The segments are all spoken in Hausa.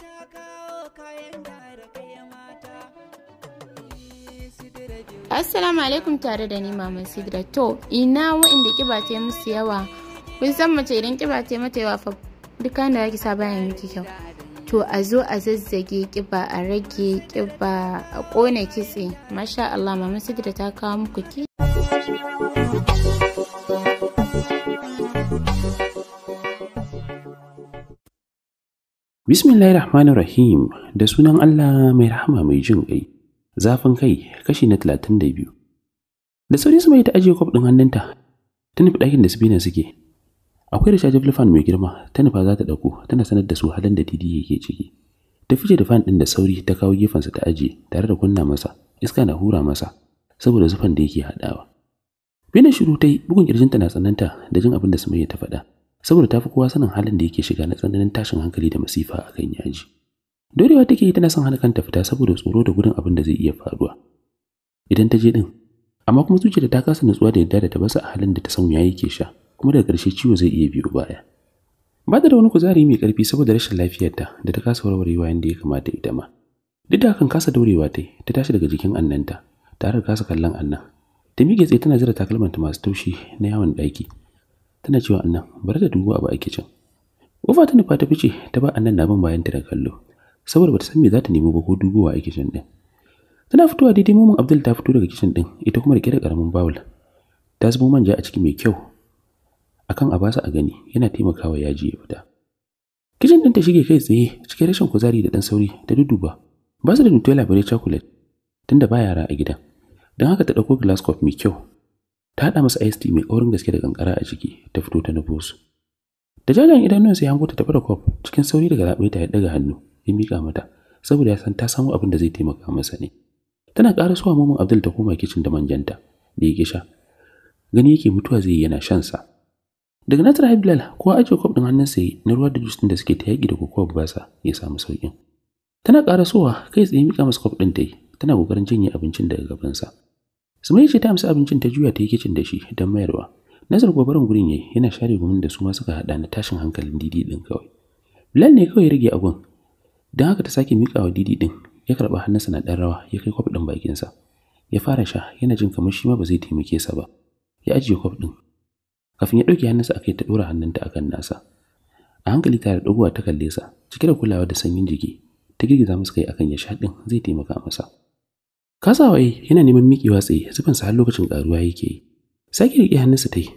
ta Assalamu alaikum tare da ni Maman Sidra to ina wa'inda kiba ta musu yawa kun san mace idan kiba ta mata yawa fa duka da zaki sa bayan miki kyau to a zo a zazzage kiba a rage kiba a kone kitse masha Allah Maman Sidra ta kawo muku ki Bismillahirrahmanirrahim da sunan Allah mai rahama mai jin ƙai. Zafin kai kashi na talatin Da biyu. Da sauri su mai ta ajiye kwaf ɗin hannunta, ta nufi ɗakin da Sabina suke. Akwai da shajin fan mai girma, ta nufa za ta ɗauko, tana sanar da su halin da Didi ke ciki. Ta fice da fan ɗin da sauri ta kawo gefen sa ta ajiye tare da kunna masa, iska na hura masa, saboda zufan da yake haɗawa. Bina shiru ta yi bugun ƙirjinta na tsananta da jin abin da Sumayya ta faɗa. saboda ta fi kowa sanin halin da yake shiga na tsananin tashin hankali da masifa a kan yaji. Dorewa take yi tana son hana kanta fita saboda tsoro da gudun abin da zai iya faruwa. Idan ta je din, amma kuma zuciyarta ta kasa nutsuwa da yadda da ta basa a halin da ta san yayi ke sha, kuma daga ƙarshe ciwo zai iya biyo baya. Ba da wani kuzari mai ƙarfi saboda rashin lafiyarta da ta kasa warwarewa yadda ya kamata ita ma. Duk da hakan kasa dorewa ta ta tashi daga jikin annanta, tare da kasa kallon annan. Ta miƙe tsaye tana jira takalmanta masu taushi na yawon ɗaki, tana cewa annan bari da dubo abu a kicin ufa ta nufa ta fice ta ba annan naman bayan ta da kallo saboda bata san me za ta nemo ba ko dubowa a kicin din tana fitowa daidai momin abdul ta fito daga kicin din ita kuma rike da karamin bawul ta zubo manja a ciki mai kyau akan a basa a gani yana taimakawa yaji ya fita Kicin din ta shige kai tsaye cikin rashin kuzari da dan sauri ta duduba. Ba su da Nutella bare chocolate tunda ba yara a gidan. Don haka ta dauko glass cup mai kyau ta haɗa masa ice tea mai kaurin gaske da kankara a ciki ta fito ta nufo su da jajayen idanunsa ya hango ta tafi da kwaf cikin sauri daga raɓe ta ya ɗaga hannu ya mika mata saboda ya san ta samu abin da zai taimaka masa ne tana ƙara suwa maman abdul ta koma kicin da manjanta da ya sha gani yake mutuwa zai yana shan sa daga natar habilal kowa ajiye kwaf ɗin sai na ruwa da jus ɗin da suke ta yaƙi da kokowar basa ya samu sauƙin tana ƙara suwa kai tsaye mika masa kwaf ɗin ta yi tana ƙoƙarin janye abincin daga gabansa Sumayya ce ta amsa abincin ta juya ta yi kicin da shi don mayarwa. Nazar gobarin gurin yayi yana share gumin da su ma suka hada na tashin hankalin Didi din kawai. Bilal ne kawai ya rage abun. Don haka ta sake mika wa Didi din ya karba hannunsa na dan rawa ya kai kwaf din bakinsa. Ya fara sha yana jin kamar shi ma ba zai taimake sa ba. Ya ajiye kwaf din. Kafin ya dauke hannunsa akai ta dora hannunta akan nasa. A hankali tare da ta kalle sa, cike da kulawa da sanyin jiki. Ta girgiza masa kai akan ya sha din zai taimaka masa. Kasawaye eh, wai yana neman miƙewa tsaye sa har lokacin karuwa yake yi sake riƙe hannunsa ta yi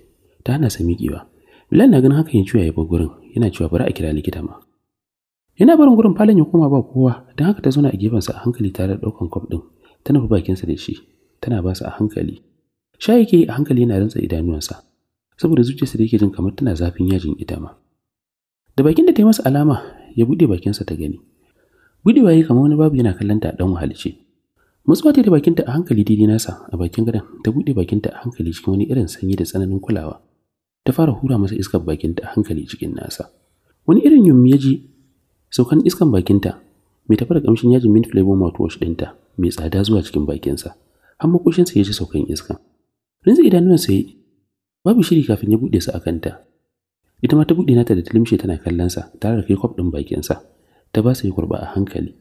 ta hana sa miƙewa bilal na ganin haka ya ciwa ya bar gurin yana cewa bari a kira likita ma yana barin gurin falon ya koma ba kowa don haka ta zauna a gefensa a hankali tare da ɗaukan kwaf ɗin ta nufi bakinsa da shi tana ba a hankali sha yake a hankali yana rantsa idanuwansa saboda zuciyarsa da yake jin kamar tana zafin yajin ita ma da bakin da ta yi masa alama ya buɗe bakinsa ta gani buɗewa ya kamar wani babu yana kallon ta ɗan wahalce Matsuwa ta da bakinta a hankali daidai nasa a bakin gadon ta buɗe bakinta a hankali cikin wani irin sanyi da tsananin kulawa. Ta fara hura masa iskar bakinta a hankali cikin nasa. Wani irin yummi ya ji saukan iskar bakinta mai tafi da kamshin yajin mint flavor mouthwash ɗinta mai tsada zuwa cikin bakinsa. Har makoshinsa ya ji saukan iskan. Rinsa idanuwansa ya babu shiri kafin ya buɗe su a kanta. Ita ma ta buɗe nata da ta limshe tana kallonsa tare da kai kwaf ɗin bakinsa. Ta ba sa yi kurɓa a hankali.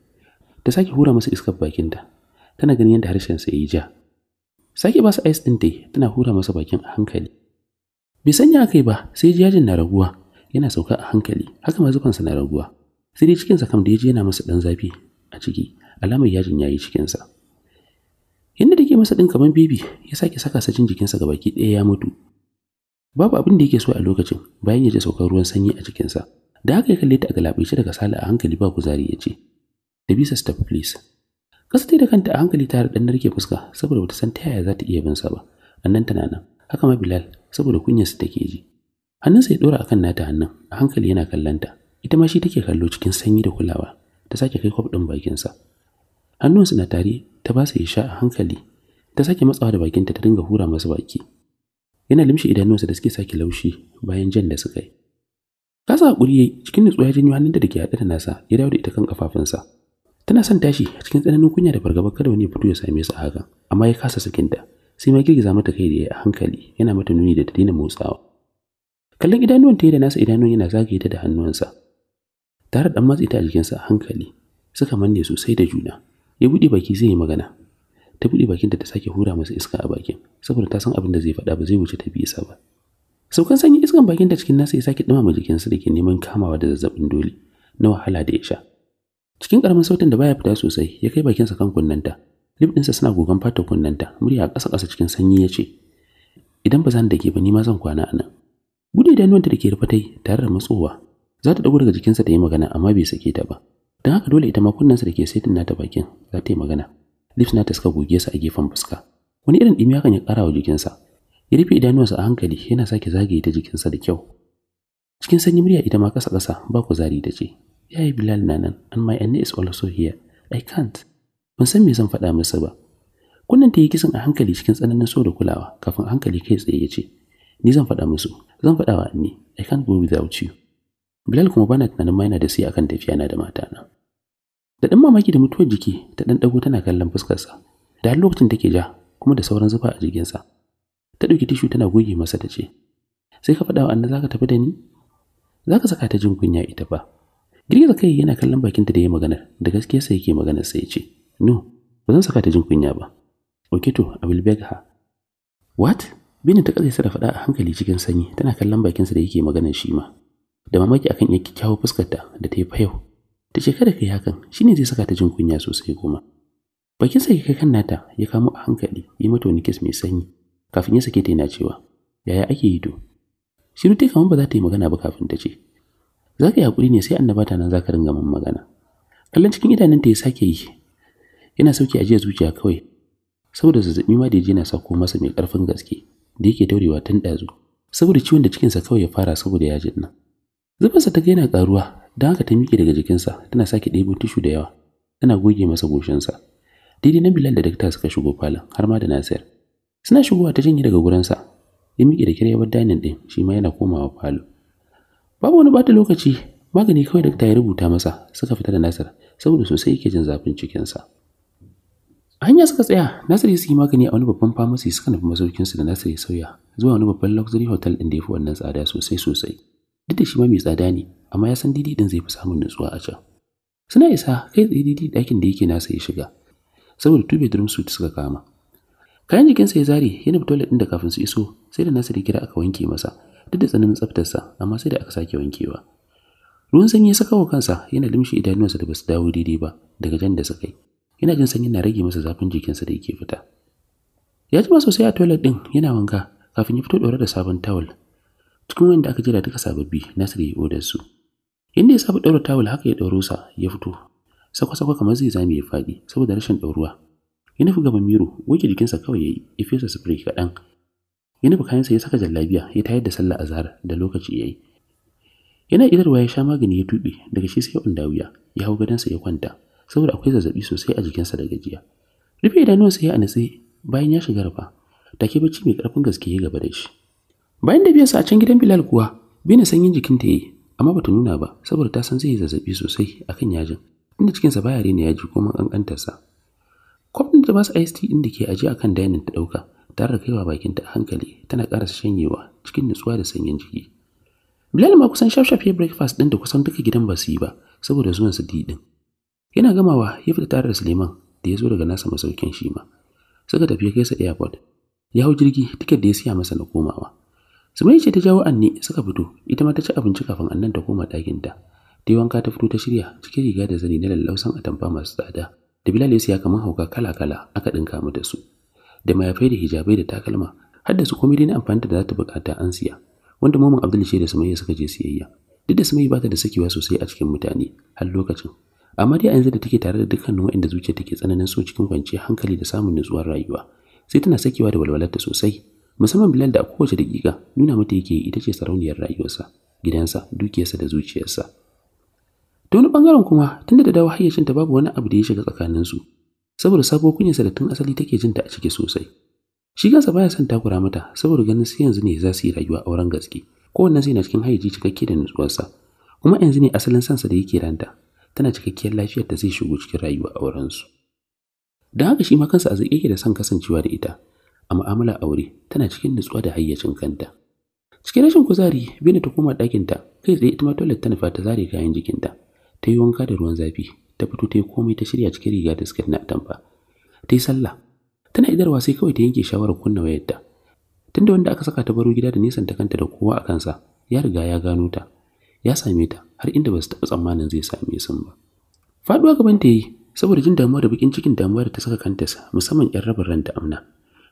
Ta sake hura masa iskar bakinta tana ganin yadda harshensa ya yi ja. Sake ba su ice ɗin ta tana hura masa bakin a hankali. Bai sanya kai ba sai jajin na raguwa yana sauka a hankali haka ma zufansa na raguwa. Sai dai cikinsa kam da ya ji yana masa ɗan zafi a ciki alamar yajin ya yi cikinsa. Yadda ke masa ɗin kamar bibi ya sake saka sa jin ga baki ɗaya ya mutu. Babu abin da yake so a lokacin bayan ya ji saukar ruwan sanyi a cikinsa. Da haka ya kalle ta a galabaice daga sala a hankali ba kuzari ya ce, Da bisa step please. Kasa da kanta a hankali ta dan ke fuska saboda bata san ta yaya za ta iya bin sa ba. Annan tana nan. Haka ma Bilal saboda ta take ji. sa ya dora akan nata hannun, a hankali yana kallanta. Ita ma shi take kallo cikin sanyi da kulawa. Ta sake kai kwaf din bakinsa. sa na tare, ta ba sa ya sha a hankali. Ta sake matsawa da bakinta ta dinga hura masa baki. Yana limshe idanunsa da suke sake laushi bayan jan da suka yi. Kasa hakuri yayi cikin nutsuwa ya janyo hannun da ke haɗe da nasa ya dawo da ita kan kafafunsa. tana son tashi cikin tsananin kunya da fargaba kada wani ya fito ya same su a hakan amma ya kasa ta sai ma girgiza mata kai da ya a hankali yana mata nuni da ta daina motsawa kallon idanuwan ta da nasa idanuwan yana zagaye ta da hannuwansa tare da matsi ta a jikinsa a hankali suka manne sosai da juna ya buɗe baki zai yi magana ta buɗe bakinta ta sake hura masa iska a bakin saboda ta san abin da zai faɗa ba zai wuce ta sa ba saukan sanyi iskan bakinta cikin nasa ya sake ɗumama jikinsa da ke neman kamawa da zazzabin dole na wahala da ya sha Cikin karamin sautin da baya fita sosai, ya kai bakinsa kan kunnanta. Lip ɗinsa suna gogon fata kunnanta, murya a ƙasa-ƙasa cikin sanyi ya ce, Idan ba zan da ke ba ni ma zan kwana a nan. Bude idanuwanta da ke rufe tare da matsowa. Za ta ɗago daga jikinsa ta yi magana amma bai sake ta ba. Don haka dole ita ma kunnensa da ke saitin nata bakin za ta yi magana. Lips nata suka goge sa a gefen fuska. Wani irin dimi hakan ya karawa wa jikinsa. Ya rufe idanuwansa a hankali yana sake zagaye ta jikinsa da kyau. Cikin sanyi murya ita ma ƙasa-ƙasa ba kuzari ta ce, Ya yi Bilal na nan and my Anne is also here I can't ban san me zan faɗa masa ba Kunnan ta yi kisan a hankali cikin tsananin so da kulawa kafin hankali kai tsaye ya ce ni zan faɗa musu zan faɗa wa Anne I can't go without you Bilal kuma bana tunanin ma yana da sai akan tafiya na da mata na da ɗan mamaki da mutuwar jiki ta ɗan ɗago tana kallon fuskarsa da har lokacin take ja kuma da sauran zufa a jikinsa ta ɗauki tishu tana goge masa ta ce sai ka faɗa wa za ka tafi da ni zaka saka ta jin kunya ita ba girgiza kai yana kallon bakinta da ya magana da gaskiya sai yake maganar sai ce no ba zan saka ta jin kunya ba okay to i will beg her what bini ta kasa da faɗa a hankali cikin sanyi tana kallon bakinsa da yake maganar shi ma da mamaki akan iya fuskar ta da ta yi fayau ta ce kada kai hakan shine zai saka ta jin kunya sosai kuma bakin sa kai kan nata ya kamo a hankali yi mata wani kiss mai sanyi kafin ya sake ta yana cewa yaya ake yi to shiru ta kamar ba za ta yi magana ba kafin ta ce za ka yi haƙuri ne sai annaba ta nan za ka ringa min magana kallon cikin idanun ta ya sake yi yana sauki a jiya zuciya kawai saboda zazzabi ma da yana sako masa mai ƙarfin gaske da yake daurewa tun ɗazu saboda ciwon da cikinsa kawai ya fara saboda yajin nan zubarsa ta ga yana ƙaruwa don haka ta miƙe daga jikinsa tana sake ɗebo tishu da yawa tana goge masa goshinsa daidai na bilal da dakta suka shigo falon har ma da nasir suna shigowa ta janye daga gurinsa ya miƙe da kiryawar danin ɗin shi ma yana komawa falo babu wani bata lokaci magani kawai dakta ya rubuta masa suka fita da nasir saboda sosai yake jin zafin cikinsa hanya suka tsaya nasir ya yi magani a wani babban famasi suka nufi masaukinsu da nasir ya sauya zuwa wani babban luxury hotel ɗin da ya fi wannan tsada sosai sosai duk da shi ma mai tsada ne amma ya san didi din zai fi samun nutsuwa a can suna isa kai tsaye didi ɗakin da yake nasa ya shiga saboda two bedroom suite suka kama kayan jikinsa ya zare yana fito ɗin da kafin su iso sai da nasir ya kira aka wanke masa duk da tsananin tsaftarsa amma sai da aka sake wankewa ruwan sanyi ya saka wa kansa yana limshi idanuwansa da basu dawo daidai ba daga jan da suka yi yana jin sanyi na rage masa zafin jikinsa da yake fita ya jima sosai a toilet din yana wanka kafin ya fito ɗaure da sabon tawul cikin wanda aka jira duka sababbi Nasiru ya odar su inda ya saba ɗaura tawul haka ya ɗauro sa ya fito sakwa-sakwa kamar zai zame ya faɗi saboda rashin ɗauruwa ya nufi gaban miro wuce jikinsa kawai ya yi ya fesa spray kaɗan ya nufi sa ya saka jallabiya ya tayar da sallah azhar da lokaci yayi yana idarwa ya sha magani ya tube daga shi sai undawiya ya hau sa ya kwanta saboda akwai zazzabi sosai a jikinsa da gajiya rufe sa ya anitse bayan ya shiga rufa take bacci mai karfin gaske ya gaba da shi bayan da biyarsa a can gidan bilal kuwa bina sanyin jikinta yi amma bata nuna ba saboda ta san zai yi zazzabi sosai akan yajin inda cikinsa baya rena yaji kuma man sa. kwafin da masu ice ɗin da ke ajiye a kan dainin ta ɗauka tare da kaiwa bakin ta hankali tana karasa shanyewa cikin nutsuwa da sanyin jiki bilal ma kusan shafshaf ya breakfast ɗin da kusan duka gidan ba su yi ba saboda zuwan su ɗin yana gamawa ya fita tare da suleiman da ya zo daga nasa masaukin shi ma suka tafi kai sa airport ya hau jirgi tiket da ya siya masa na komawa sumai ce ta jawo Anni suka fito, ita ma ta ci abinci kafin Annan ta koma ɗakinta. Ta yi wanka ta fito ta shirya cikin riga da zani na lallausan atamfa masu tsada. da Bilal ya siya kamar hauka kala-kala aka ɗinka mata su da mayafai da hijabai da takalma har da su komai dai na amfani da za ta bukata an siya wanda Maman Abdul ce da Sumayya suka je siyayya duk da Sumayya bata da sakewa sosai a cikin mutane har lokacin amma dai a yanzu da take tare da dukkanin waɗanda zuciya take tsananin so cikin kwanciyar hankali da samun nutsuwar rayuwa sai tana sakewa da ta sosai musamman Bilal da a kowace dakika nuna mata yake ita ce sarauniyar rayuwarsa gidansa dukiyarsa da zuciyarsa ta wani bangaren kuma tun da dawo hayyacinta babu wani abu da ya shiga tsakaninsu saboda sabo kunyarsa da tun asali take jin ta a ciki sosai shi kansa baya son takura mata saboda ganin sai yanzu ne za su yi rayuwa auren gaske kowanne sai na cikin hayyaci cikakke da nutsuwarsa kuma yanzu ne asalin sansa da yake ranta tana cikakkiyar lafiyar da zai shigo cikin rayuwa aurensu don haka shi ma kansa a zai yake da son kasancewa da ita a mu'amala aure tana cikin nutsuwa da hayyacin kanta cikin rashin kuzari bina ta koma ɗakinta kai tsaye ita ma toilet ta zare kayan jikinta ta yi wanka da ruwan zafi ta fito ta yi komai ta shirya cikin riga da siket na atamfa ta yi sallah tana idarwa sai kawai ta yanke shawarar kunna wayarta tunda wanda aka saka ta baro gida da nisan ta kanta da kowa a kansa ya riga ya gano ta ya same ta har inda ba su taɓa tsammanin zai same sun ba faɗuwa gaban ta yi saboda jin damuwa da bakin cikin damuwa da ta saka kanta sa, musamman yan rabin ranta amna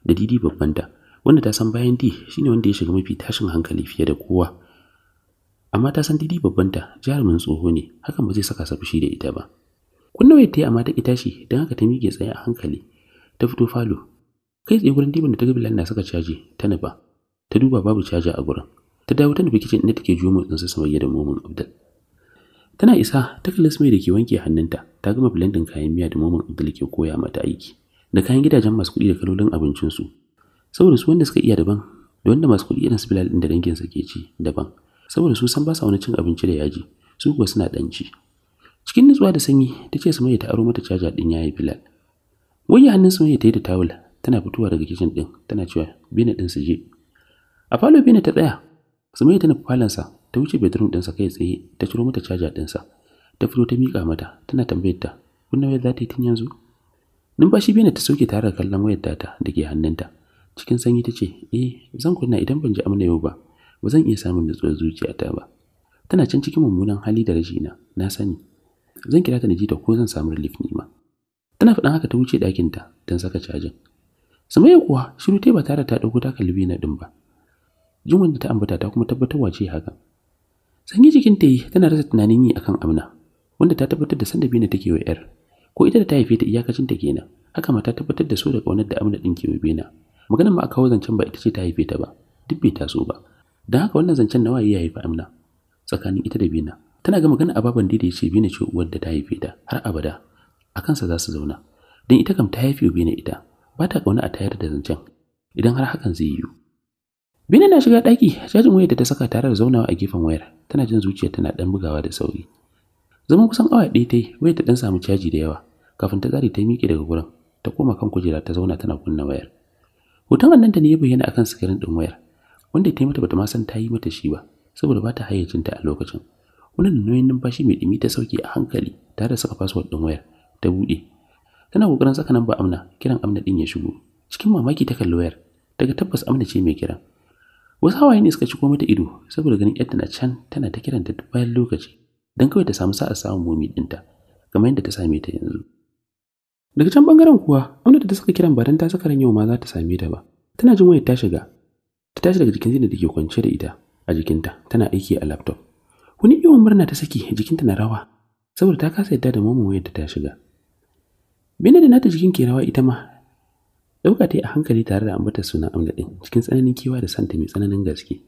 da didi babban ta, wanda ta san bayan di shine wanda ya shiga mafi tashin hankali fiye da kowa amma ta san didi babbanta jarumin tsoho ne hakan ba zai saka sa fushi da ita ba kun nawa ta yi amma ta ki tashi don haka ta miƙe tsaye a hankali ta fito falo kai tsaye gurin diban da ta ga bilan na saka caji ta nufa ta duba babu caji a gurin ta dawo ta nufi kicin inda take juyo motsin sa samayya da momin abdul tana isa ta kalli mai da ke wanke hannunta ta gama blendin kayan miya da momin abdul ke koya mata aiki da kayan gidajen masu kuɗi da kalolin abincinsu saboda su wanda suka iya daban da wanda masu kuɗi irin su bilal ɗin da danginsa ke ci daban saboda su san ba sa wani cin abinci da yaji su kuwa suna ɗanci cikin nutsuwa da sanyi ta ce sumayya ta aro mata caja ɗin yayi bilal wani hannun sumayya ta yi da tawul tana fitowa daga kicin ɗin tana cewa bina din su je a falo bina ta tsaya sumayya ta nufi falonsa ta wuce bedroom ɗinsa kai tsaye ta ciro mata caja ɗinsa ta fito ta miƙa mata tana tambayar ta kunna nawa za ta yi tun yanzu numfashi bina ta soke tare da kallon wayar data da ke hannunta cikin sanyi ta ce eh zan kunna idan ban ji amna yau ba ba zan iya samun nutsuwar zuciyata ba tana can cikin mummunan hali da rashi na na sani zan kira ta na jita ko zan samu relief ne ma tana faɗan haka ta wuce ta don saka cajin Samaya kuwa shiru ta ba tare ta dauko ta kalbi na din ba. Jin wanda ta ambata ta kuma tabbatarwa ce haka. Sanyi jikin ta yi tana rasa tunanin yi akan Amna, wanda ta tabbatar da sanda Bina take wa yar. Ko ita da ta haife ta iyakacin ta kenan, haka ma ta tabbatar da so da kaunar da Amna din ke wa Bina. Maganar ma a kawo zancen ba ita ce ta haife ta ba, duk bai taso ba. don haka wannan zancen nawa ya haifi amna tsakanin ita da bina tana ga magana ababen da ya ce bina ce uwar da ta haife ta har abada a kansa za su zauna don ita kam ta haife bina ita ba ta kauna a tayar da zancen idan har hakan zai yiwu bina na shiga ɗaki cajin wayar da ta saka tare da zaunawa a gefen wayar tana jin zuciya tana dan bugawa da sauri zama kusan awa ɗaya ta yi wayar ta ɗan samu caji da yawa kafin ta zari ta miƙe daga gurin ta koma kan kujera ta zauna tana kunna wayar hoton annanta ne ya bayyana akan sikirin ɗin wayar wanda ta yi mata bata ma san ta yi mata shi ba saboda ba ta hayyacinta a lokacin wannan nauyin numfashi mai dumi ta sauke a hankali tare da saka password din wayar ta bude tana kokarin saka namba amna kiran amna din ya shigo cikin mamaki ta kalli wayar daga tabbas amna ce mai kiran wasu hawaye ne suka ciko mata ido saboda ganin yadda na can tana ta kiranta duk bayan lokaci don kawai ta samu sa'a samun momi dinta kamar yadda ta same ta yanzu daga can bangaren kuwa amna da ta saka kiran ba don ta saka ran yau ma za ta same ta ba tana jin wayar ta shiga ta tashi daga jikin zina da ke kwance da ita a jikinta tana aiki a laptop wani iwon murna ta saki jikinta na rawa saboda ta kasa yadda da momo yadda ta shiga Bina da nata jikin ke rawa ita ma dauka ta yi a hankali tare da ambata sunan amna din cikin tsananin kewa da santa mai tsananin gaske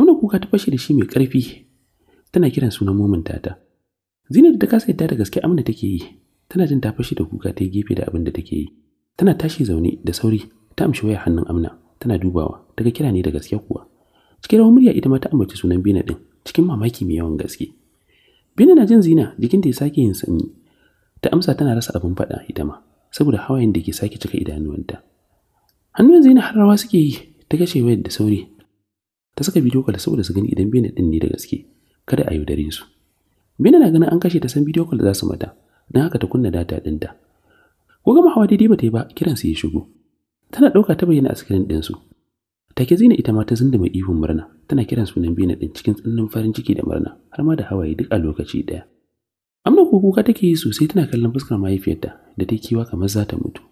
amna kuka ta fashe da shi mai karfi tana kiran sunan momon tata Zainab ta kasa yadda da gaske amna take yi tana jin ta fashe da kuka ta yi gefe da abin da take yi tana tashi zaune da sauri ta amshi waya hannun amna tana dubawa daga kira ne da gaske kuwa cikin rawar murya ita ma ta ambaci sunan Bina din cikin mamaki mai yawan gaske Bina na jin zina jikin ta ya sake yin sanyi ta amsa tana rasa abin faɗa ita ma saboda hawayen da ke sake cika idanuwanta hannun zina har rawa suke yi ta kashe wayar da sauri ta saka bidiyo kwal saboda su gani idan Bina din ne da gaske kada a yaudare su Bina na ganin an kashe ta san bidiyo kwal da za su mata don haka ta kunna data dinta. ko gama hawa daidai ba ta yi ba kiransu ya shigo tana ɗauka ta bayyana a sikirin ɗinsu take zina ita ma ta zinda mai ihun murna tana kiran sunan bina ɗin cikin tsananin farin ciki da murna har ma da hawaye duk a lokaci ɗaya amna ko kuka take yi sosai tana kallon fuskar mahaifiyarta da ta kiwa kamar za ta mutu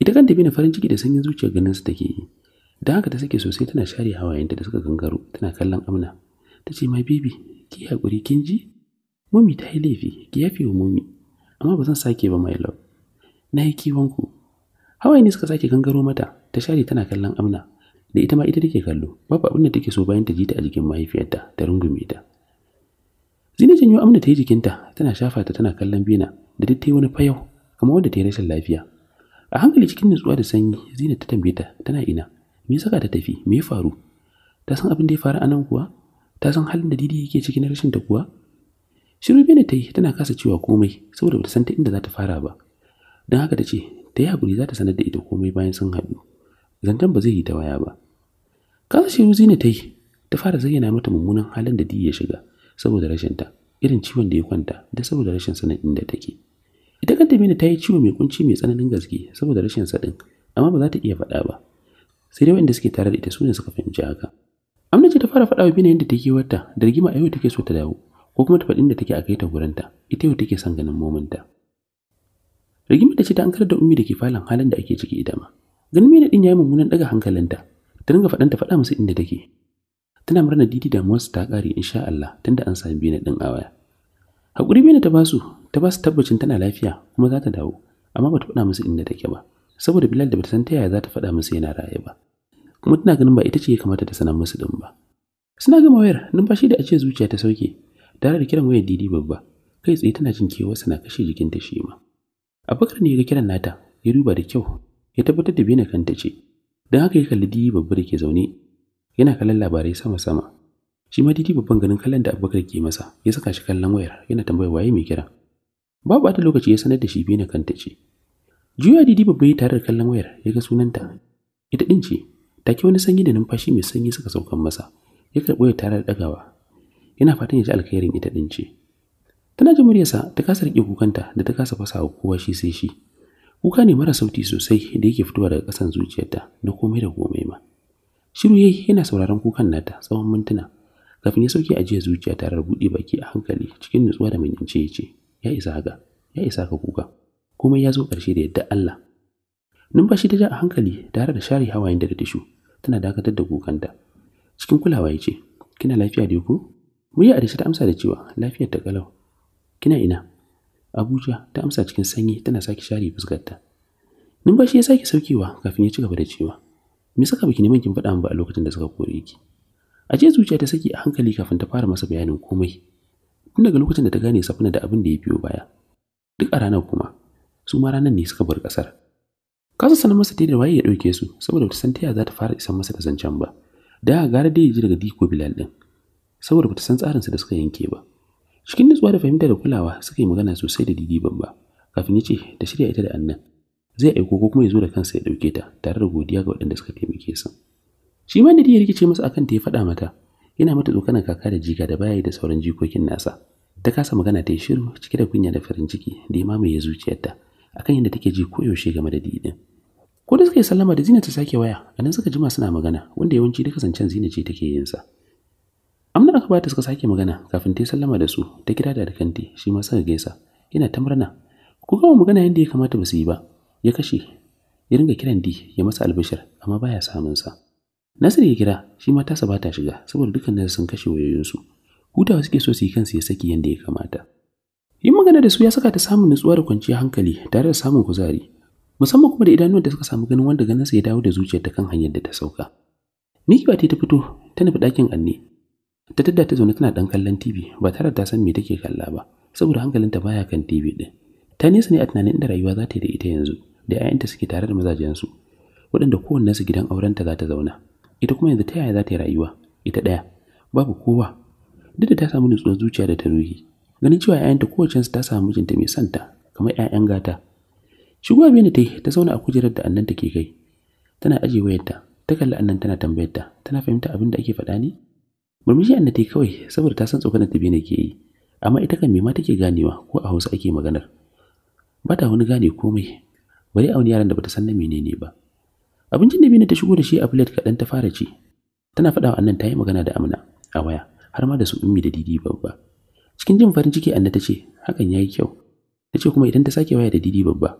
ita kanta bina farin ciki da sanyin zuciya ganin su ke yi da haka ta sake sosai tana share hawayenta da suka gangaro tana kallon amna ta ce ma, "Bibi, ki haƙuri kin ji mummy ta yi laifi ki yafe wa mummy amma ba zan sake ba mai love na yi kiwon ku hawaye ne suka sake gangaro mata ta share tana kallon amna da ita ma ita take kallo babu abin da take so bayan ta ji ta a jikin mahaifiyarta ta rungume ta zina janyo amna ta yi jikinta tana shafa ta tana kallon bina da duk ta wani fayau kamar wanda ta yi rashin lafiya a hankali cikin nutsuwa da sanyi zina ta tambaye ta tana ina me saka ta tafi me ya faru ta san abin da ya faru a nan kuwa ta san halin da didi yake cikin rashin ta kuwa Shiru bina ta yi tana kasa cewa komai saboda bata san ta inda za ta fara ba. Don haka ta ce, ta yi hakuri za ta sanar da ita komai bayan sun haɗu zancen ba zai yi ta waya ba kasa shiru zina ta yi ta fara zayyana mata mummunan halin da ya shiga saboda rashin ta irin ciwon da ya kwanta da saboda rashin sanin inda take ita kanta mina ta yi ciwo mai kunci mai tsananin gaske saboda rashin sadin amma ba za ta iya faɗa ba sai dai wanda suke tare da ita su ne suka fahimci haka amma ce ta fara faɗa wa bina yadda take wata da rigima a yau take so ta dawo ko kuma ta faɗin da take a kai ta gurinta ita yau take son ganin mominta rigima da ce ta karar da ummi da ke falon halin da ake ciki ita ma ganin mai din ya yi mummunan ɗaga hankalinta ta ringa faɗan ta faɗa musu inda take tana murna didi damuwarsu ta ƙare insha Allah tunda an sami bina ɗin a waya haƙuri bina ta basu ta basu tabbacin tana lafiya kuma za ta dawo amma bata faɗa musu inda take ba saboda Bilal da bata san ta yaya za ta faɗa musu yana raye ba kuma tana ganin ba ita ce ya kamata ta sanar musu din ba suna gama wayar numfashi da a zuciya ta sauke tare da kiran wayar didi babba kai tsaye tana jin kewarsa na kashe jikinta shi ma abubakar ne ya ga kiran nata ya duba da kyau ya tabbatar da bina kanta ce don haka ya kalli didi babba da ke zaune yana kallon labarai sama-sama shi ma didi babban ganin kallon da abubakar ke masa ya saka shi kallon wayar yana tambayar waye mai kira Ba ta lokaci ya sanar da shi bina kanta ce juya didi babba ya tare da kallon wayar ya ga sunanta ita din ce ke wani sanyi da numfashi mai sanyi suka saukan masa ya karɓo ya tare da ɗagawa yana fatan ya ji alkhairin ita din ce tana jin muryarsa ta kasa riƙe kukanta da ta kasa fasa wa kowa shi sai shi kuka ne mara sauti sosai da yake fitowa daga ƙasan zuciyarta na komai da komai ma shiru yayi yana sauraron kukan nata tsawon mintuna kafin ya sauke ajiya zuciya tare da buɗe baki a hankali cikin nutsuwa da manyance ya ce ya isa haka ya isa ka kuka komai ya zo ƙarshe da yadda Allah numfashi ta ja a hankali tare da share hawayen da tishu tana dakatar da kukanta cikin kulawa ya ce kina lafiya da ko murya a ta amsa da cewa lafiyar ta kalau Kina ina? Abuja ta amsa cikin sanyi tana sake share fuskarta. Numfashi ya sake saukewa kafin ya cigaba da cewa, Me saka biki neman kin faɗa min ba a lokacin da suka kore ki? A ce zuciya ta saki a hankali kafin ta fara masa bayanin komai. Tun daga lokacin da ta gane safina da abin da ya biyo baya. Duk a ranar kuma, su ma ranar ne suka bar ƙasar. Kasa sanar masa da waye ya ɗauke su saboda ta san ta za ta fara isan masa da zancen ba. Da gara dai ya ji daga Diko Bilal ɗin, saboda bata san tsarin su da suka yanke ba. cikin nutsuwa da fahimta da kulawa suka yi magana sosai da didi babba kafin ya ce ta shirya ita da annan zai aiko ko kuma ya zo da kansa ya ɗauke ta tare da godiya ga waɗanda suka taimake su shi ma Didi ya rikice masa akan ta ya faɗa mata yana mata tsokanar kaka da jika da baya da sauran jikokin nasa ta kasa magana ta yi shiru cike da kunya da farin ciki da ya mamaye zuciyarta akan yadda take ji koyaushe game da didin ko da suka yi sallama da zina ta sake waya a nan suka jima suna magana wanda yawanci duka zancen zina ce take yin sa amma aka ta suka sake magana kafin ta sallama da su ta kira da kanti shi ma suka gaisa yana ta murna ko kuma magana yadda ya kamata ba su yi ba ya kashe ya ringa kiran di ya masa albishir amma baya samun sa Nasir ya kira shi ma tasa ta shiga saboda dukkan sun kashe wayoyin wayoyinsu hutawa suke so su yi kansu ya saki yanda ya kamata yin magana da su ya saka ta samun nutsuwa da kwanciyar hankali tare da samun kuzari musamman kuma da idanuwan da suka samu ganin wanda ganin sa ya dawo da zuciyar ta kan hanyar da ta sauka. Miki ba ta fito ta nufi ɗakin Anne ta tadda ta zaune tana dan kallon TV ba tare da san me take kalla ba saboda hankalinta baya kan TV din ta nesa ne a tunanin inda rayuwa za ta yi da ita yanzu da 'ya'yanta suke tare da mazajensu waɗanda kowanne su gidan aurenta za ta zauna ita kuma yanzu ta yaya za ta yi rayuwa ita ɗaya babu kowa duk da ta samu nutsuwar zuciya da ta ruhi ganin cewa 'ya'yanta kowace ta samu mijinta mai santa kamar 'ya'yan gata shigo abin ta yi ta zauna a kujerar da annan ke kai tana aje wayarta ta kalli annan tana tambayar ta tana fahimta abin da ake faɗa ne murmushi anna kawai saboda ta san tsokanar ta bene ke yi amma ita kan me ma take ganewa ko a hausa ake maganar ba ta wani gane komai bari a wani yaran da bata san na menene ba abincin da bene ta shigo da shi a plate kaɗan ta fara ci tana faɗa wa annan ta yi magana da Amina, a waya har ma da su ummi da didi babba cikin jin farin ciki anna ta ce hakan ya yi kyau ta ce kuma idan ta sake waya da didi babba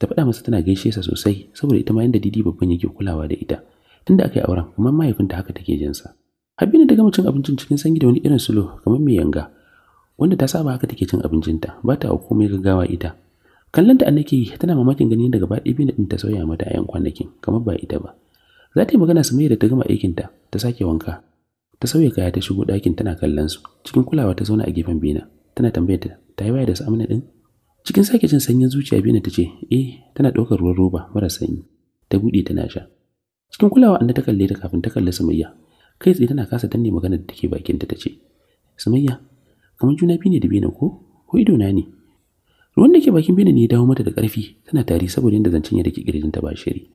ta faɗa masa tana gaishe sa sosai saboda ita ma yanda didi babban yake kulawa da ita tunda aka yi auren kuma mahaifinta haka take jinsa. sa Habina ta gama cin abincin cikin sanyi da wani irin sulo kamar mai yanga wanda ta saba haka take cin abincinta ba ta komai gaggawa ita. Kallon ta annake tana mamakin ganin da gaba ɗaya bina ɗin ta sauya mata a 'yan kwanakin kamar ba ita ba. Za ta yi magana su da ta gama aikinta ta sake wanka ta sauya kaya ta shigo ɗakin tana kallon su cikin kulawa ta zauna a gefen bina tana tambayar ta ta yi waya da su amina ɗin cikin sake cin sanyin zuciya bina ta ce eh tana ɗaukar ruwan roba mara sanyi ta buɗe tana sha cikin kulawa anda ta kalle ta kafin ta kalli sumayya kai tsaye tana kasa danne magana da take bakinta ta ce sumayya kamar juna biyu ne da bena ko ko ido na ne ruwan da ke bakin bena ne ya dawo mata da ƙarfi tana tari saboda yadda zancen ya dake kirjin ta ba shiri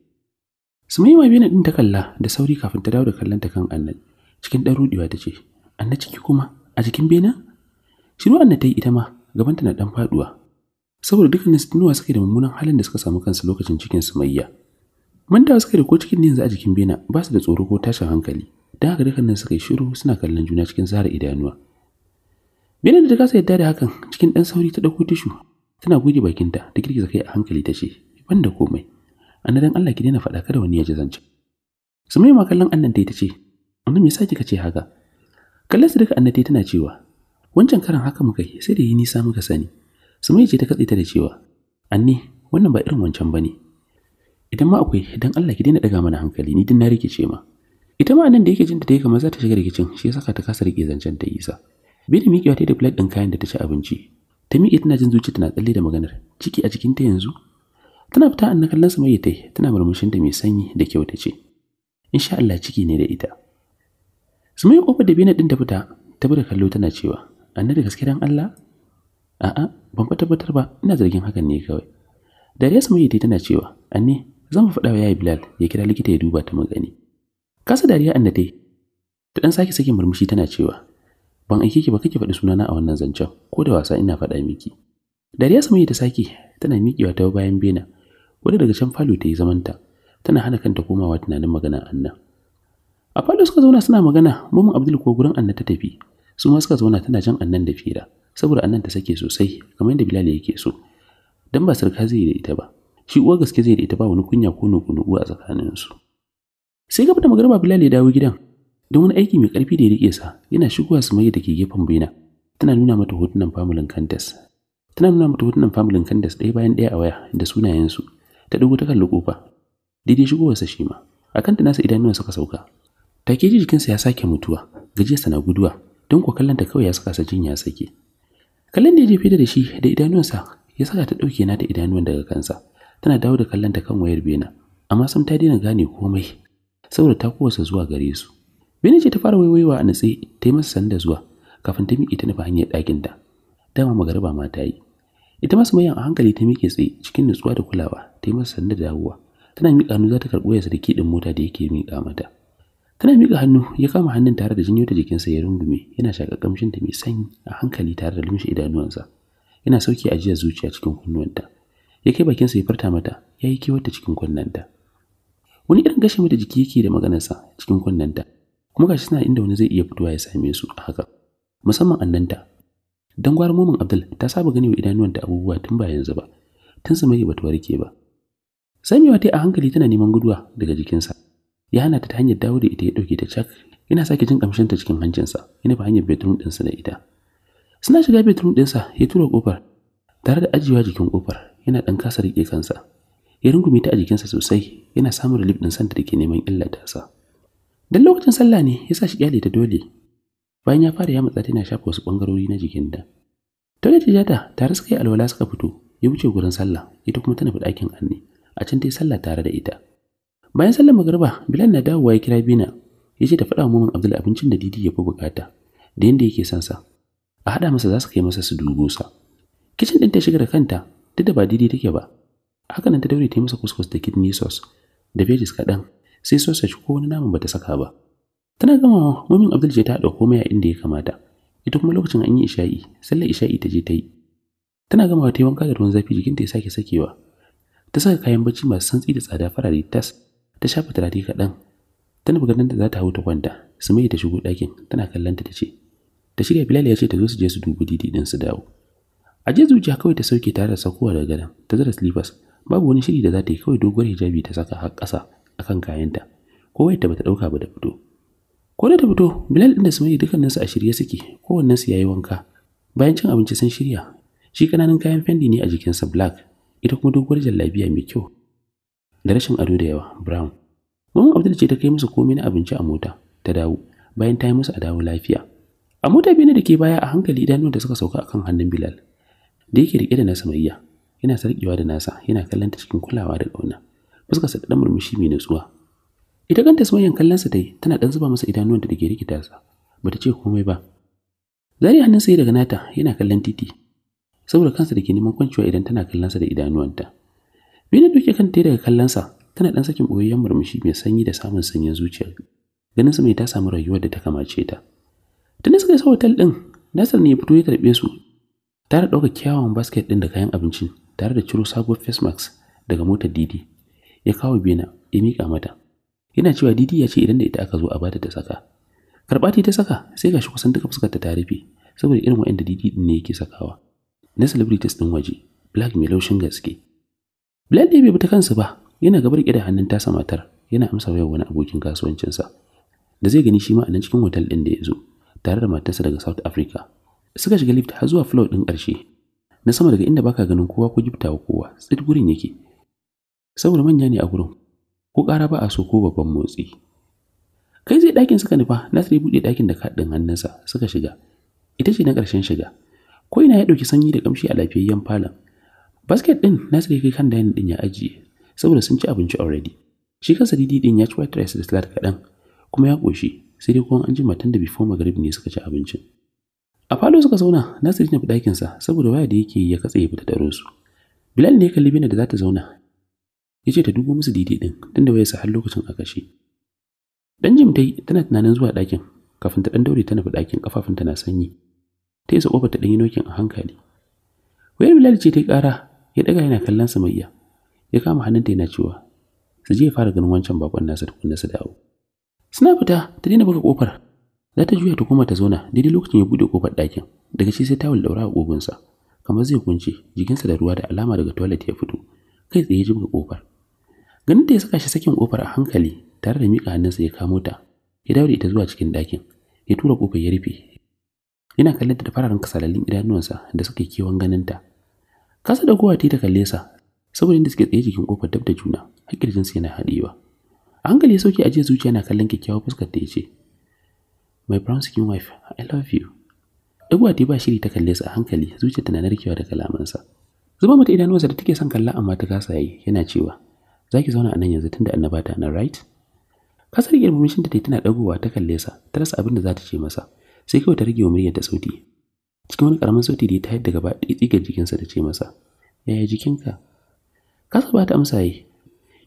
sumayya ma bena din ta kalla da sauri kafin ta dawo da ta kan annan cikin ɗan rudewa ta ce annan ciki kuma a jikin bena shiru anna ta yi ita ma gabanta na ɗan faduwa. saboda dukkanin tunuwa suke da mummunan halin da suka samu kansu lokacin cikin sumayya da suka da ko cikin ne yanzu a jikin bena ba su da tsoro ko tashin hankali don haka nan suka yi shiru suna kallon juna cikin zara idanuwa bina da ta yadda da hakan cikin ɗan sauri ta ɗauko tishu tana goge bakinta ta girgiza kai a hankali ta ce ban da komai annadan Allah ki daina faɗa kada wani ya ji zance Sumayya ma kallon annan ta ce annan me yasa ka ce haka kallon su duka annan tana cewa wancan karan haka muka yi sai da yi nisa muka sani mai ce ta katse ta da cewa anne wannan ba irin wancan ba ne. idan ma akwai dan Allah ki daina daga mana hankali ni din na rikice ma ita ma nan da yake jin ta kamar za ta shiga rikicin shi ya ta kasa rike zancen ta isa bini miƙewa ta da plate ɗin kayan da ta ci abinci ta miƙe tana jin zuciya tana tsalle da maganar ciki a cikin ta yanzu tana fita an kallon su mai tai tana murmushin da mai sanyi da kyau ta ce insha Allah ciki ne da ita mai kofar da na din ta fita ta bude kallo tana cewa da gaske dan Allah a'a ban fa tabbatar ba ina zargin hakan ne kawai su mai tai tana cewa anne zan faɗa wa yayi Bilal ya kira likita ya duba ta magani Kasa dariya annate. Ta dan sake sakin murmushi tana cewa, "Ban aiki ki ba kake faɗi sunana a wannan zancen, ko da wasa ina faɗa miki." Dariya Sumayya ta sake tana miƙewa ta bayan bena, wanda daga can falo ta yi zamanta, tana hana kanta komawa tunanin magana Anna. A falo suka zauna suna magana, mumun Abdul ko gurin Anna ta tafi, su ma suka zauna tana jan Annan da fira, saboda Annan ta sake sosai kamar yadda Bilal yake so. Dan ba sarka zai da ita ba, shi uwa gaske zai da ita ba wani kunya ko nuku a tsakaninsu. sai gaba da magarba bilal ya dawo gidan don wani aiki mai karfi da ya rike sa yana shigowa su mai da ke gefen bina tana nuna mata hotunan familin kandas tana nuna mata hotunan familin kandas ɗaya bayan ɗaya a waya da sunayensu ta dogo ta kalli kofa daidai shigowar shi ma a kanta nasa idanuwan suka sauka take ji jikinsa ya sake mutuwa gajiyarsa na guduwa don ko kallon ta kawai ya saka sa jin sake kallon da ya jefe da shi da idanuwansa ya saka ta ɗauke nata idanuwan daga kansa tana dawo da kallon ta kan wayar bena amma sam ta daina gane komai saboda ta kowace zuwa gare su. Bini ce ta fara waiwaiwa a natse ta yi masa sanda zuwa kafin ta miƙe ta nufa hanyar ɗakinta. Dama magariba ma ta yi. Ita masu mayan a hankali ta miƙe tsaye cikin nutsuwa da kulawa ta yi masa sanda da dawowa. Tana miƙa hannu za ta karɓo yasa da kiɗin mota da yake miƙa mata. Tana miƙa hannu ya kama hannun tare da jinyo ta jikinsa ya rungume yana ƙamshin ta mai sanyi a hankali tare da lumshe idanuwansa. Yana sauki ajiyar zuciya cikin kunnuwanta. Ya kai bakinsa ya farta mata ya yi kewarta cikin kunnanta. wani irin gashi da jiki yake da maganarsa cikin kunnanta kuma gashi suna inda wani zai iya fitowa ya same su a haka musamman annanta dan gwar momin abdul ta saba gani wa idanuwan ta abubuwa tun ba yanzu ba tun su mai bata warke ba samiwa ta a hankali tana neman guduwa daga jikinsa ya hana ta ta hanyar dawo da ita ya dauke ta cak yana sake jin kamshin ta cikin hancinsa yana ba hanyar bedroom ɗinsa da ita suna shiga bedroom ɗinsa ya tura kofar tare da ajiyewa jikin kofar yana ɗan kasa riƙe kansa ya rungume ta a jikinsa sosai yana samun relief din santa da ke neman illata sa dan lokacin sallah ne ya sa shi kyale ta dole bayan ya fara ya matsa tana shafa wasu bangarori na jikin da dole ta tijata ta suka yi alwala suka fito ya wuce gurin sallah ita kuma tana fada ɗakin anne a can ta yi sallah tare da ita bayan sallar magariba bilal na dawowa ya kira bina ya ce ta faɗa wa abdul abincin da didi ya fi bukata da yadda yake son sa a haɗa masa za su kai masa su dubo sa kicin ɗin ta shiga da kanta duk da ba didi take ba haka nan ta daure ta yi masa kuskus da kidney sauce da veggies kaɗan sai sausage ko wani naman bata saka ba tana gama mamin abdul je ta haɗa komai a inda ya kamata ita kuma lokacin an yi isha'i sallar isha'i ta je ta yi tana gama ta yi wanka da ruwan zafi jikinta ya sake sakewa ta saka kayan bacci masu santsi da tsada farare tas ta shafa turare kaɗan tana bugarin da za ta hau ta kwanta su mai ta shigo ɗakin tana kallon ta ta ce ta shirya bilal ya ce ta zo su je su dubi didi din su dawo a je zuciya kawai ta sauke tare da sakowa daga gadon ta zara slippers babu wani shiri da za ta yi kawai doguwar hijabi ta saka har ƙasa akan kayanta ko wai ta bata ɗauka ba da fito ko da ta fito bilal ɗin da su sumayya dukkaninsu a shirye suke kowannensu ya yi wanka bayan cin abinci sun shirya shi ƙananan kayan fendi ne a jikinsa black ita kuma doguwar jallabiya mai kyau da rashin ado da yawa brown maman abdul ce ta kai musu komai na abinci a mota ta dawo bayan ta yi musu a dawo lafiya a mota biyu da ke baya a hankali idanun da suka sauka akan hannun bilal da yake rike da na samayya yana sarkewa da nasa yana kallon ta cikin kulawa da ƙauna sa da dan murmushi mai nutsuwa ita kanta kallon sa ta yi tana ɗan zuba masa idanuwan da take rikita sa bata ce komai ba zari hannun sayi daga nata yana kallon titi saboda kansa dake neman kwanciwa idan tana kallon sa da idanuwan idanuwanta bina duke kanta daga kallon sa tana ɗan sakin boyayyen murmushi mai sanyi da samun sanyin zuciya sa mai ta samu rayuwar da ta kamace ta tunda suka isa hotel ɗin nasar ne ya fito ya karɓe su tare ɗaukar kyawun basket ɗin da kayan abincin tare da ciro sabuwar face mask daga motar Didi ya kawo Bena ya mika mata yana cewa Didi ya ce idan da ita aka zo a bata ta saka karbati ta saka sai gashi kusan duka fuskar ta rufe saboda irin wa'anda Didi din ne yake sakawa na celebrities din waje Black mai laushin gaske Black dai bai bi ta kansa ba yana gabar kida hannun tasa matar yana amsa wa wani abokin kasuwancinsa da zai gani shi ma a nan cikin hotel din da ya zo tare da matarsa daga South Africa suka shiga lift har zuwa floor din ƙarshe na sama daga inda baka ganin kowa ko giftawa kowa tsit gurin yake saboda manya ne a gurin ko ƙara ba a so ko babban motsi kai zai ɗakin suka nufa nasir ya buɗe ɗakin da kaɗin hannunsa suka shiga ita ce na ƙarshen shiga ko ina ya ɗauki sanyi da ƙamshi a lafiyayyen falon basket ɗin nasir ya kai kan dayan ɗin ya ajiye saboda sun ci abinci already shi kansa didi ɗin ya ci white rice da salad kaɗan kuma ya ƙoshi sai dai kuma an jima tun da before magrib ne suka ci abincin a falo suka zauna nasir na ɗakinsa saboda waya da yake ya katse ya taro su bilal ne ya kalli bina da za ta zauna ya ce ta dubo musu daidai ɗin tunda sa har lokacin a kashe dan jim tai tana tunanin zuwa ɗakin kafin ta ɗan daure tana ɗakin ƙafafunta na sanyi ta isa ƙofar ta ɗan yi nokin a hankali wayar bilal ce ta yi ƙara ya ɗaga yana kallon samayya ya kama hannunta yana cewa su je ya fara ganin wancan bakon nasa tukunna su dawo suna fita ta daina buga ƙofar za ta juya ta koma ta zauna daidai lokacin ya bude kofar ɗakin daga shi sai tawul daura a ƙugunsa kamar zai kunce jikinsa da ruwa da alama daga toilet ya fito kai tsaye jibga kofar ganin da ya saka shi sakin kofar a hankali tare da miƙa hannunsa ya kamo ta ya dawo da ita zuwa cikin ɗakin ya tura kofar ya rufe yana kallon ta da fararen kasalalin idanuwansa da suka kewan ganinta kasa dagowa ta ta kalle sa saboda inda suke tsaye jikin kofar dab da juna hakirjinsa yana haɗewa a hankali ya sauke zuciya na kallon kyakkyawar fuskar ta ya ce My brown skin wife, I love you. Ɗagwa ta ba shiri ta kalle sa a hankali zuciyarta na narkewa da kalamansa. Zuba mata idanuwarsa da take son kalla amma ta kasa yi yana cewa za ki zauna a nan yanzu tunda annaba ta nan right? Kasar da ta tana ɗagowa ta kalle sa ta rasa abin da za ta ce masa sai kawai ta rage wa ta sauti. Cikin wani ƙaramin sauti da ya tayar da gaba ɗaya jikinsa ta ce masa yaya jikinka? Kasa ba ta amsa yi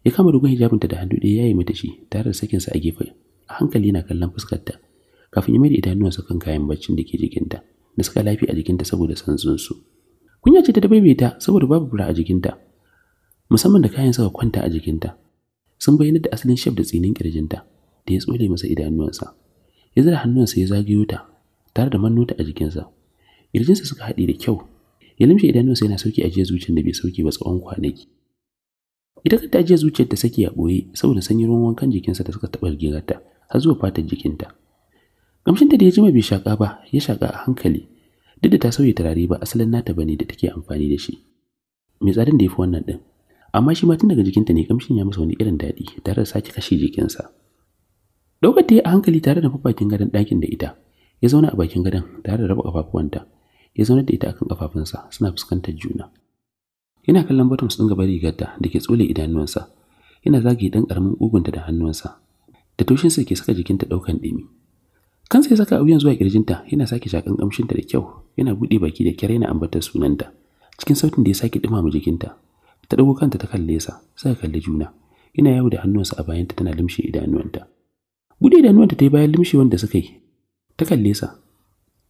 ya kama dogon hijabinta da hannu ɗaya ya yi mata shi tare da sakinsa a gefe a hankali yana kallon fuskarta. kafin ya mai da idanuwansa kan kayan baccin da ke jikinta da suka lafi a jikinta saboda sansunsu. Kunya ce ta da ta saboda babu bura a jikinta, musamman da kayan suka kwanta a jikinta. Sun bayyana da asalin shaf da tsinin kirjinta da ya tsole masa idanuwansa. Ya zira hannunsa ya zagayo ta tare da mannota a jikinsa. Kirjinsa suka haɗe da kyau. Ya limshe idanuwansa yana sauki a jiya zuciyar da bai sauki ba tsawon kwanaki. Ita kanta ajiye zuciyar ta saki a ɓoye saboda sanyin ruwan wankan jikinsa da suka taɓa rigarta har zuwa fatar jikinta. Kamshin da ya jima bai shaka ba, ya shaka a hankali. Duk da ta sauya turare ba asalin nata bane da take amfani da shi. Mai tsarin da ya fi wannan din Amma shi ma tun daga jikinta ne kamshin ya masa wani irin daɗi tare da sake kashe jikinsa. Ɗaukar ta yi a hankali tare da bakin gadon ɗakin da ita. Ya zauna a bakin gadon tare da raba kafafuwanta Ya zauna da ita akan kafafunsa suna fuskantar juna. Yana kallon buttons ɗin gaba rigarta da ke tsole idanuwansa. Yana zagaye ɗan ƙaramin ƙugunta da hannuwansa. Da tushensa ke saka jikinta ɗaukan ɗimi. kansa ya saka wuyan zuwa kirjinta yana sake shakan kamshinta da kyau yana buɗe baki da kyar yana ambata sunanta cikin sautin da ya sake dumama jikinta ta dago kanta ta kalle sa sai kalli juna yana yawo da hannunsa a bayanta tana limshe idanuwanta buɗe idanuwanta ta yi bayan limshe wanda suka yi ta kalle sa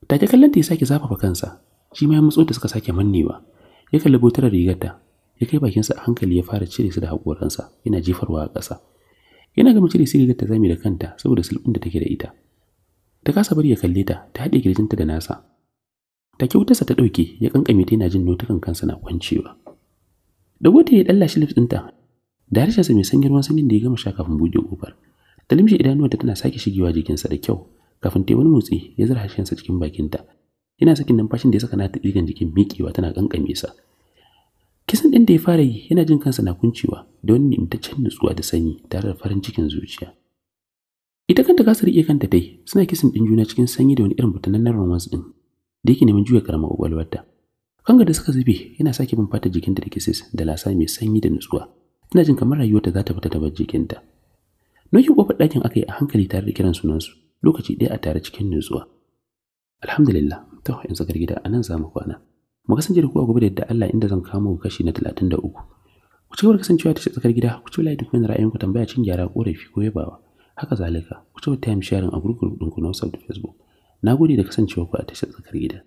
ta ta kallon ta ya sake zafafa kansa shi ma ya matso da suka sake mannewa ya kalli botar rigarta ya kai bakinsa a hankali ya fara cire su da haƙoransa yana jefarwa a ƙasa yana gama cire su rigarta zami da kanta saboda sulɓin da take da ita ta kasa bari ya kalle ta ta haɗe kirjinta da nasa ta kyautarsa ta ɗauke ya kankame ta yana jin notukan kansa na kwancewa da wata ya ɗalla shi ɗinta da harshensa mai sanyin ruwan sanyin da ya gama sha kafin buɗe ƙofar ta limshe idanuwanta tana sake shigewa jikinsa da kyau kafin ta yi wani motsi ya zara harshensa cikin bakinta yana sakin numfashin da ya saka na ta ɗigan jikin miƙewa tana kankame sa kisan ɗin da ya fara yi yana jin kansa na kuncewa da wani nimtaccen nutsuwa da sanyi tare da farin cikin zuciya ita kanta kasa riƙe kanta yi, suna kisan ɗin juna cikin sanyi da wani irin mutanannen romans ɗin da yake neman juya karamar ta. kanga da suka zube yana sake bin fata jikinta da kisis da lasa mai sanyi da nutsuwa tana jin kamar rayuwarta za ta fita ta bar jikinta noki kofar ɗakin aka yi a hankali tare da kiran sunansu lokaci ɗaya a tare cikin nutsuwa alhamdulillah to in tsakar gida nan za mu kwana mu kasance da ku a gobe da yadda Allah inda zan kamo kashi na 33 ku ci gaba kasancewa ta tsakar gida ku ci layi duk wani tambaya cin gyara korafi ko yabawa haka zalika ku ci time sharing a group group ku na WhatsApp da Facebook na gode da kasancewa ku a tashar tsakar gidan.